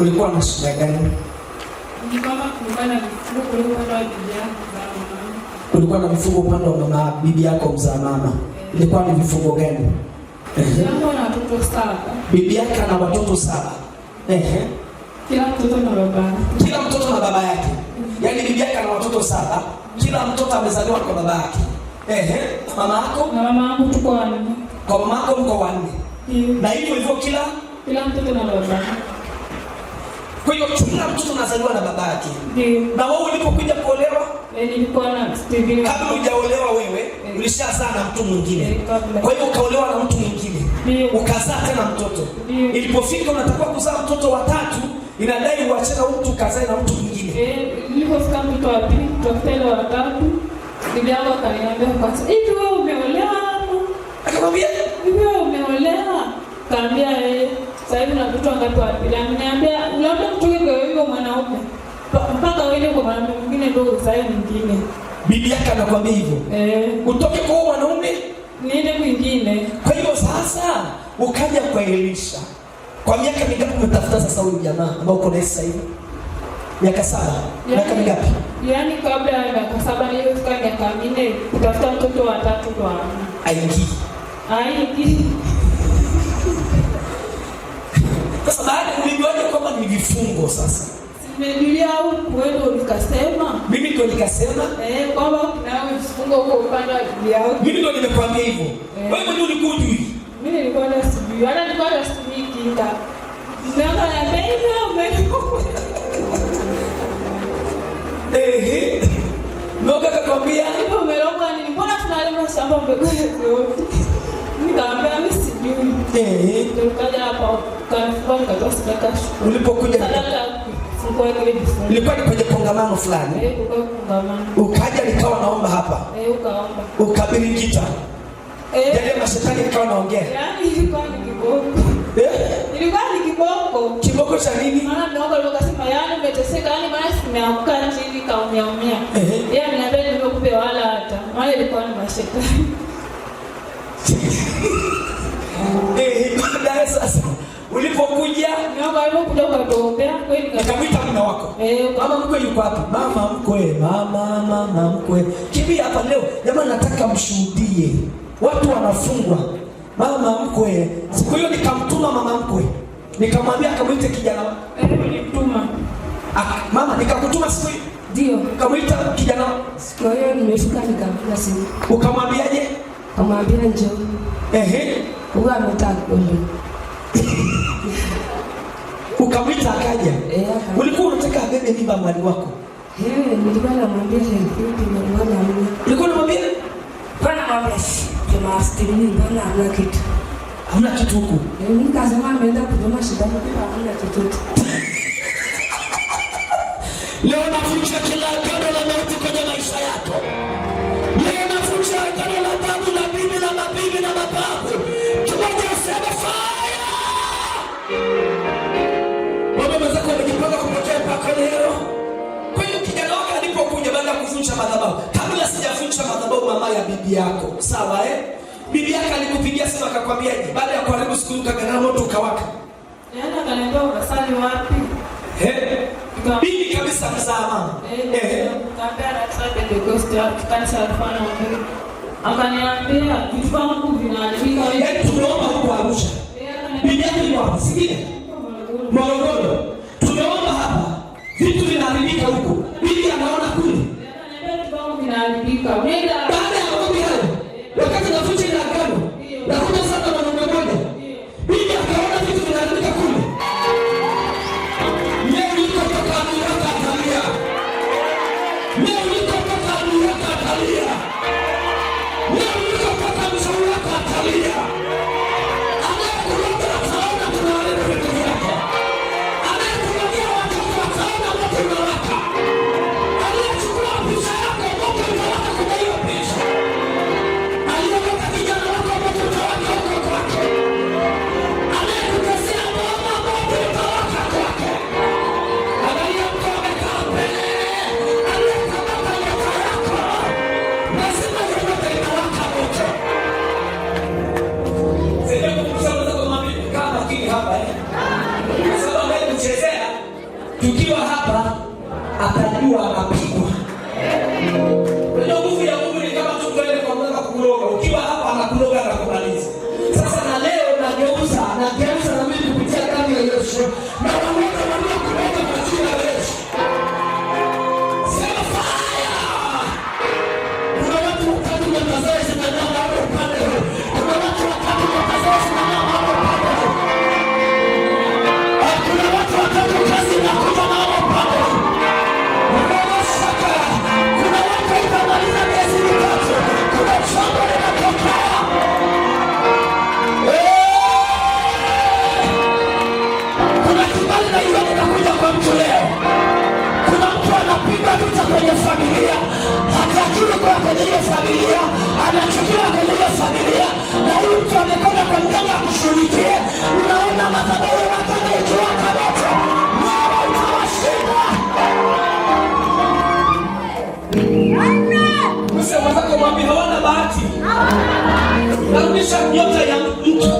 Kulikuwa na shida gani? Kulikuwa na vifungo upande wa mama bibi yako mzaa mama, ilikuwa ni vifungo gani? Bibi yake ana watoto saba. Ehe, kila mtoto na baba, kila mtoto na baba yake. Mm-hmm. Yaani bibi yake ana watoto saba, kila mtoto amezaliwa kwa baba yake. Ehe, mama yako na mama yangu tuko wanne, kwa mama yako mko wanne, na hivyo hivyo kila kila mtoto na baba kwa hiyo kila mtoto anazaliwa na baba yake. Ndio. Na wewe ulipokuja kuolewa, eh, Nilikuwa na kabla hujaolewa wewe eh. ulishazaa na mtu mwingine, eh, kwa hiyo ukaolewa na mtu mwingine, ukazaa tena mtoto. Ilipofika unatakiwa kuzaa mtoto wa tatu, inadai uache na mtu kazae na mtu mwingine. Eh, Nilipofika mtoto wa pili, tutafute wa tatu, bibi yangu akaniambia sababu hivi wewe umeolewa? Akamwambia, wewe umeolewa? Kaambia yeye sasa hivi na vitu wangapi wa pili, ameniambia labda kutoke kwa yule mwanaume mpaka uende kwa mwanamke mwingine ndio usaini mwingine. Bibi yake anakuambia hivyo eh, utoke kwa mwanaume niende kwingine. Kwa hiyo sasa ukaja kwa Elisha, kwa miaka mingapi umetafuta sasa huyu jamaa ambao uko naye sasa hivi? Miaka saba, yaani, miaka mingapi? Yaani kabla ya miaka saba nilikuwa miaka minne kutafuta mtoto wa tatu kwa aingii aingii Sasa baada ulijuaje kwamba ni vifungo sasa? Nimejulia huko wewe ulikasema. Mimi ndo nikasema eh kwamba kuna vifungo huko upande wa Biblia. Mimi ndo nimekwambia hivyo. Eh. Wewe ndio ulikuwa hujui. Mimi nilikuwa na sijui. Hata nilikuwa na sijui kinga. Sasa na baby umekuwa. Eh. Noka kakwambia, "Mbona tunalima shamba mbegu yetu?" Nikamwambia, Eh. Ulipokuja Ilikuwa ni kwenye kongamano fulani. Eh, Ukaja nikawa naomba hapa. Eh, ukaomba. Ukabiringita. mashetani nikawa naongea. kiboko. cha nini? Maana eh, ibada sasa ulipokuja nikamwita mume wako eh, mama mkwe yuko wapi? Mama mkwe, mama mama mkwe, kimbia hapa leo jamani, nataka mshuhudie, watu wanafungwa. Mama mkwe, siku hiyo nikamtuma mama mkwe, nikamwambia akamwite kijana eh, mama nikakutuma siku hiyo ndio kamwita kijana siku hiyo, nimefika nikampiga simu. Ukamwambiaje? Kamwambia njoo, ehe huyo ameta Gondo. Ukamwita akaja. Eh, ulikuwa unataka abebe mimba mwali wako. Eh, nilikuwa namwambia hivi nilikuwa namwambia. Ulikuwa unamwambia? Kwa namwambia jamaa stili mbona hamna kitu. Hamna kitu huko. Eh, nikasema ameenda kujoma shida kwa hamna kitu. Leo naficha kila gado la mauti kwenye maisha yako. Leo naficha gado la babu la bibi na mabibi na mababu. sijafunja madhabahu, kabla sijafunja madhabahu mama ya bibi yako, sawa eh? Bibi yako alikupigia simu hivi baada ya kuharibu siku kagana moto ukawaka, yana eh, kanaenda unasali wapi? Eh, bibi kabisa mzaa mama eh, kaambia na Sunday eh? the ghost ya kanisa la mfano akaniambia vitu vyangu vinaharibika, wewe yaani tunaomba huko Arusha, eh, bibi yako ni wapi? sikia Morogoro, tunaomba hapa vitu vinaharibika huko, bibi anaona and become. May the kurudisha nyota ya mtu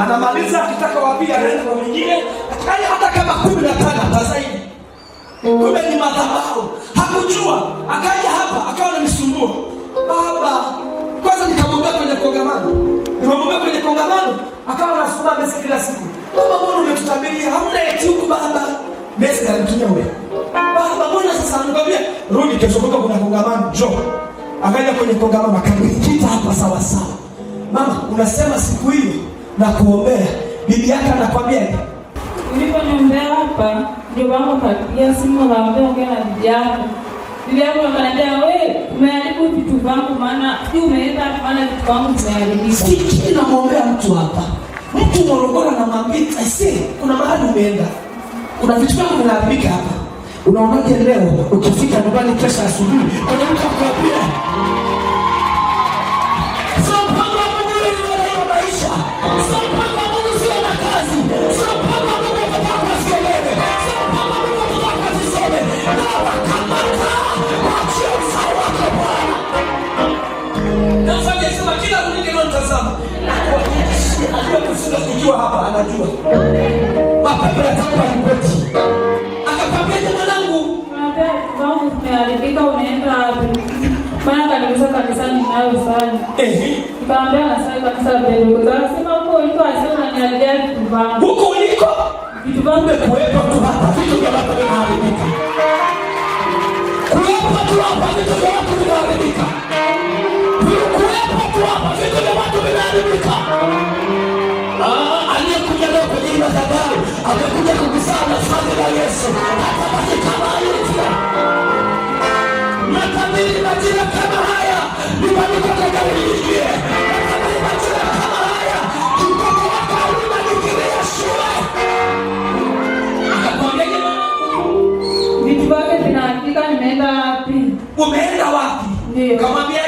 anamaliza akitaka wapi, anaenda kwa mwingine, yaani hata kama kumi na tano hata zaidi. Kumbe ni madhabahu, hakujua. Akaja hapa akawa na misumbua baba. Kwanza nikamwambia kwenye kongamano, nikamwambia kwenye kongamano, akawa anasukuma besi kila siku, baba, mbona umetutabiria hamna etiuku baba? Besi alimtumia wewe baba, mbona sasa? Nikamwambia rudi kesho, kutoka kuna kongamano, jo Akaja kwenye kongamano, akaikita hapa sawasawa mama, unasema siku hiyo na kuombea, bibi yake anakwambia uliponiombea hapa, ndio wangu kapigia simu akaambia ongea na bibi yako. Bibi yako akaniambia wewe, umeharibu vitu vangu, maana sijui umeenda, maana vitu vangu vimeharibika. Sikii, namwombea mtu hapa, mtu Morogoro anamwambia aisee, kuna mahali umeenda, kuna vitu vangu vinaharibika hapa. Unaonaje leo ukifika nyumbani kesho asubuhi, kuna mtu akwambia anajua. Mapepo yatakupa ripoti. Akakwambia mwanangu, mwanangu umeharibika, unaenda wapi? Maana kanisa kanisani nayo sana. Eh. Nikamwambia nasali kanisa la Pentekoste. Akasema huko uliko asio unaniharibia vitu vangu. Huko uliko? Vitu vangu vimekuwepo tu hapa. Vitu vya watu vimeharibika. Kuwepo tu hapa vitu vya watu vimeharibika. Kuwepo tu hapa vitu vya watu vimeharibika hiyo dhabahu amekuja kukusanya familia ya Yesu, atabaki kama alivyo. Natabiri majira kama haya, nibalike katika uingie. Natabiri majira kama haya, mtoto wako auna dikiria shule. Akakwambiaje mama, vitu vyake vinaandika, nimeenda wapi? Umeenda wapi? Ndio kamwambia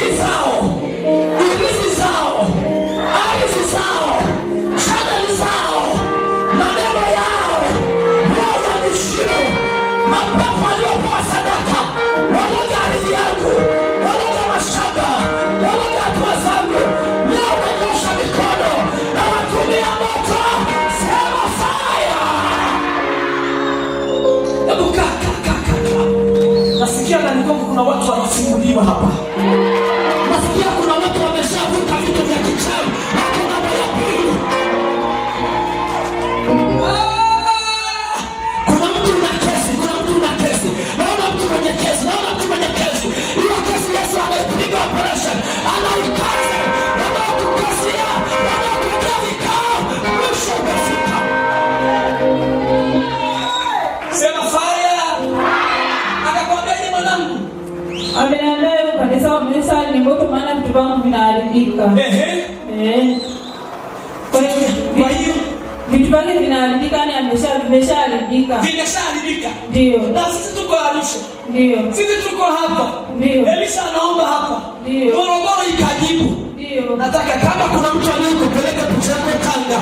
kuna watu wanafunguliwa hapa. Nasikia kuna watu wameshavuta vitu vya kichawi. vitu vangu vinaharibika. Ehe. Eh. Kwa hiyo vitu vingi vinaharibika, ni amesha vimeshaharibika. Vimeshaharibika. Ndio. Na sisi tuko Arusha. Ndio. Sisi tuko hapa. Ndio. Elisha anaomba hapa. Ndio. Morogoro ikajibu. Ndio. Nataka kama kuna mtu anayekupeleka picha yako Tanga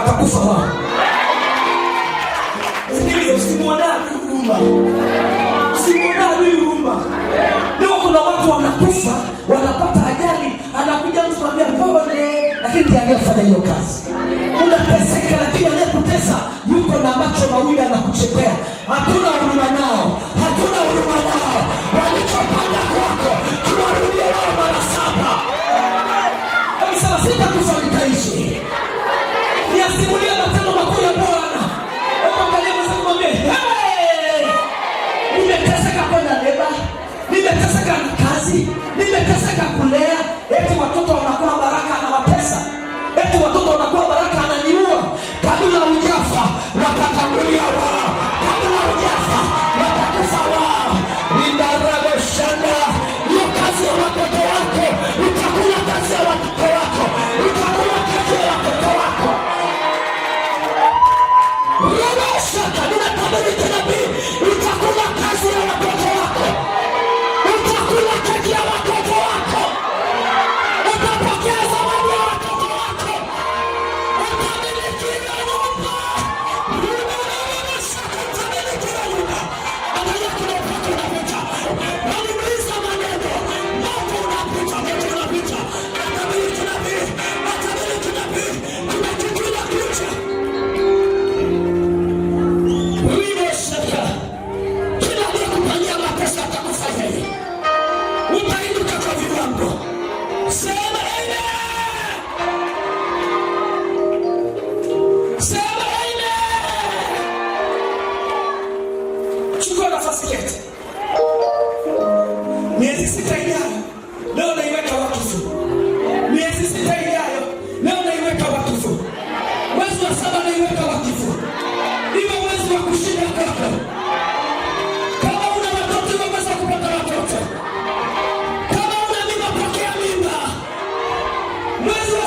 wakakufa wao. Sikiliza, usimwandae adui huruma, usimwandae adui huruma. kuna watu wanakufa, wanapata ajali, anakuja mtu anambia pole, lakini ndiye anayefanya hiyo kazi. Unateseka, lakini anayekutesa yuko na macho mawili anakuchekea, hakuna huruma nao.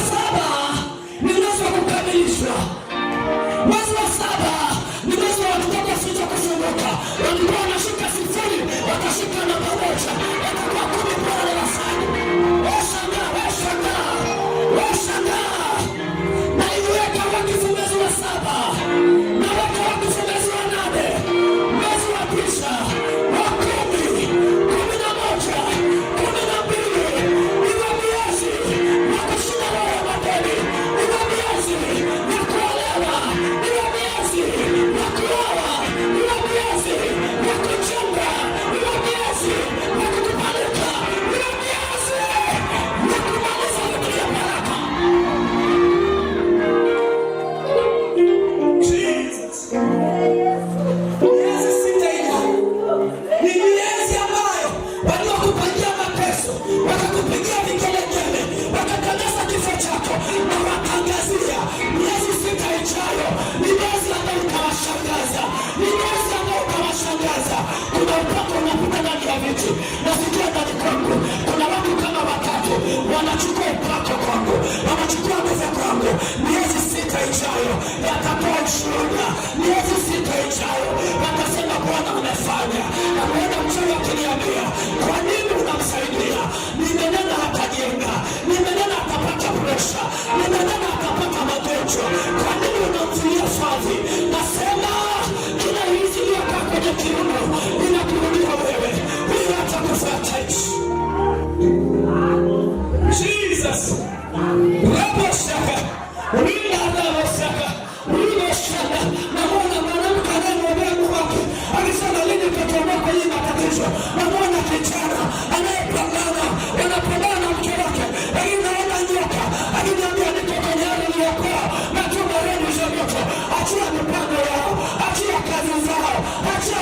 saba ni mwezi wa kukamilishwa. Mwezi wa saba ni mwezi wa watoto wasichokusumbuka. Walikuwa wanashuka sifuri, wakashuka namba moja.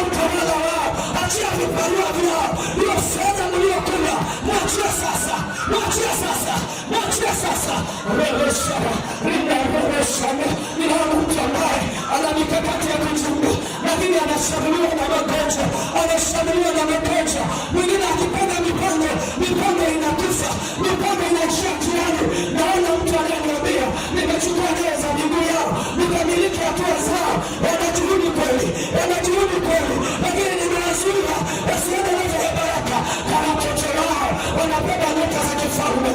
utawala, achia vibarua vyao, hiyo fedha mliyokula mwachie sasa, mwachie sasa, mwachie sasa. Reheshama linareheshama, ninaona mtu ambaye ana mikakati ya kuchungu, lakini anashambuliwa na magonjwa, anashambuliwa na magonjwa, mwingine akipenda miponyo, miponyo inakufa, miponyo inaishia njiani. Naona mtu anayeniambia nimechukua nia za miguu yao nikamiliki hatua zao, wanajuhudi kweli, wanajuhudi kweli, lakini nimewazuia wasiende roho ya baraka. Wanachochewa wanapenda nyota za kifalme.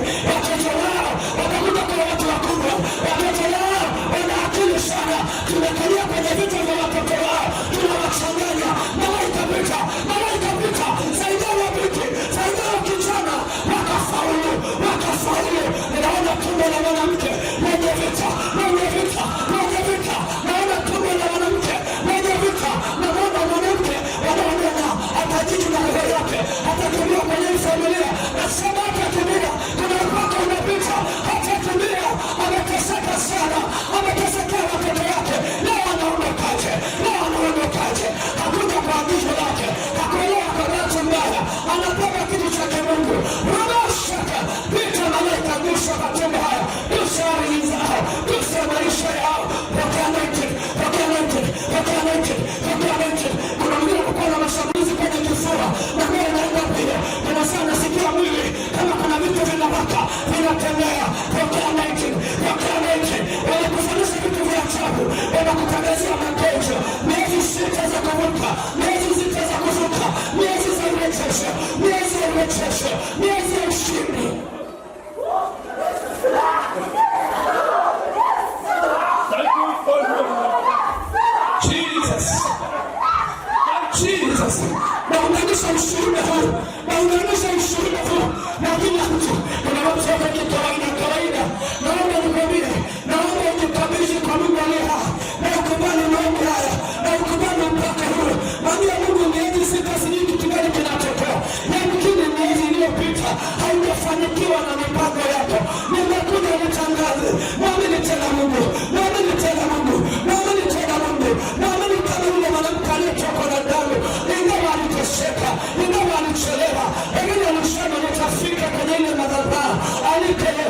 unarudisha ushuhuda huu na unarudisha ushuhuda huu na kila mtu unawasema ni kawaida kawaida. Naomba nikwambie, naomba ujikabidhi kwa Mungu leo na ukubali maombi haya na ukubali mpaka huu. Mwambie Mungu, miezi sita sijui kitu gani kinatokea, yamkini miezi iliyopita haujafanikiwa na mipango yako, nimekuja nitangaze, mwamini tena Mungu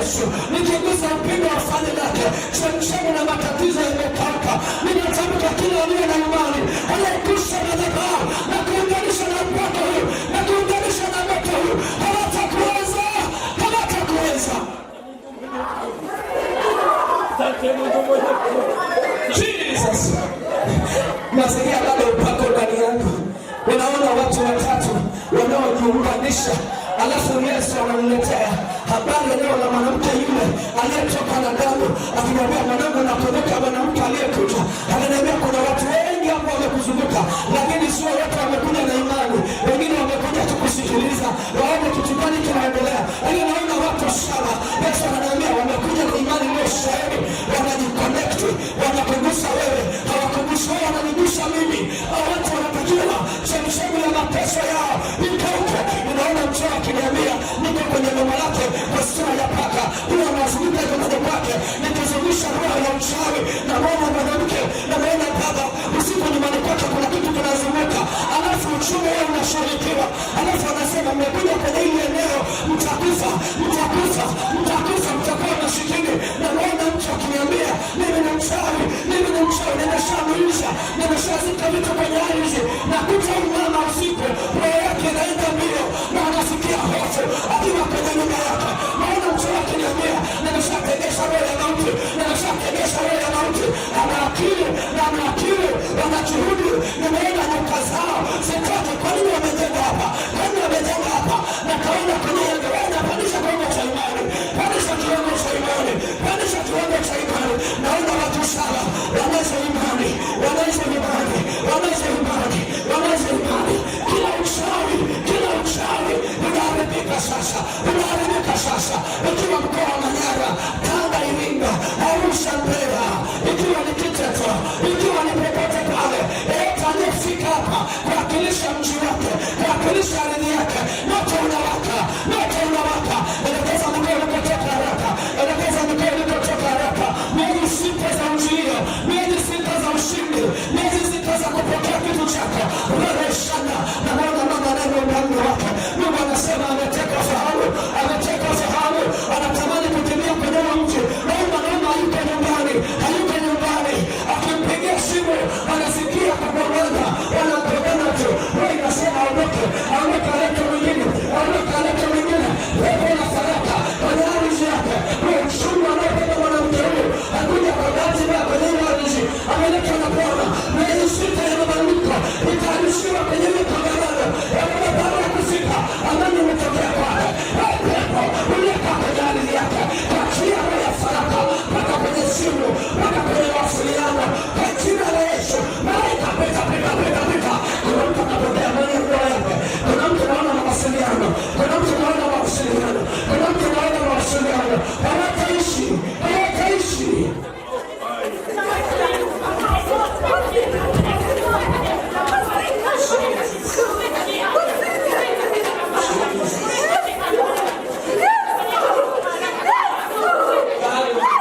Yesu, nikigusa mpigo wa fani lake chemchemu na matatizo yaliyopaka. nimetamka kila aliye na imani anayegusa madhabahu na kuunganisha na mpaka huyu na kuunganisha na moto huyu, hawatakuweza, hawatakuweza. Jesus, nasikia bado upako ndani yako. Unaona watu watatu wanaojiunganisha alafu Yesu anamletea habari leo la mwanamke yule aliyetoka na damu, akimwambia mwanangu, nakumbuka mwanamke aliyekuja Ananiambia kuna watu wengi hapo wamekuzunguka, lakini sio wote wamekuja na imani, wengine wamekuja tu kusikiliza waone kitu gani kinaendelea. Ili yaani naona watu saba, Yesu ananiambia wamekuja na imani iliyo shahidi, kwenye mama yake kwa sura ya paka huyo, anazunguka kwenye kwake, nikizungusha roho ya uchawi na roho ya mwanamke na roho ya baba. Usipo nyumbani kwake kuna kitu kinazunguka, alafu uchumi wao unashughulikiwa, alafu anasema mmekuja kwenye hili eneo, mtakufa, mtakufa, mtakufa, mtakuwa masikini. Na naona mtu akiniambia mimi ni mchawi, mimi ni mchawi, nimeshamuisha, nimeshazika vitu kwenye ardhi, nakuta mama usiku roho yake naenda